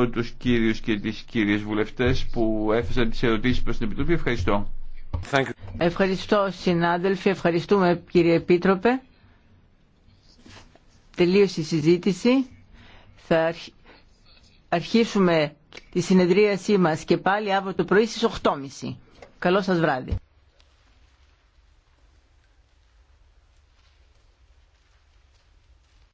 ευχαριστώ τους κύριους και τις κύριες βουλευτές που έφεσαν τις ερωτήσεις προς την Επιτροπή. Ευχαριστώ. Ευχαριστώ συνάδελφοι, ευχαριστούμε κύριε Επίτροπε. Τελείωσε η συζήτηση. Θα αρχίσουμε τη συνεδρίασή μας και πάλι αύριο το πρωί στις 8.30. Καλό σας βράδυ.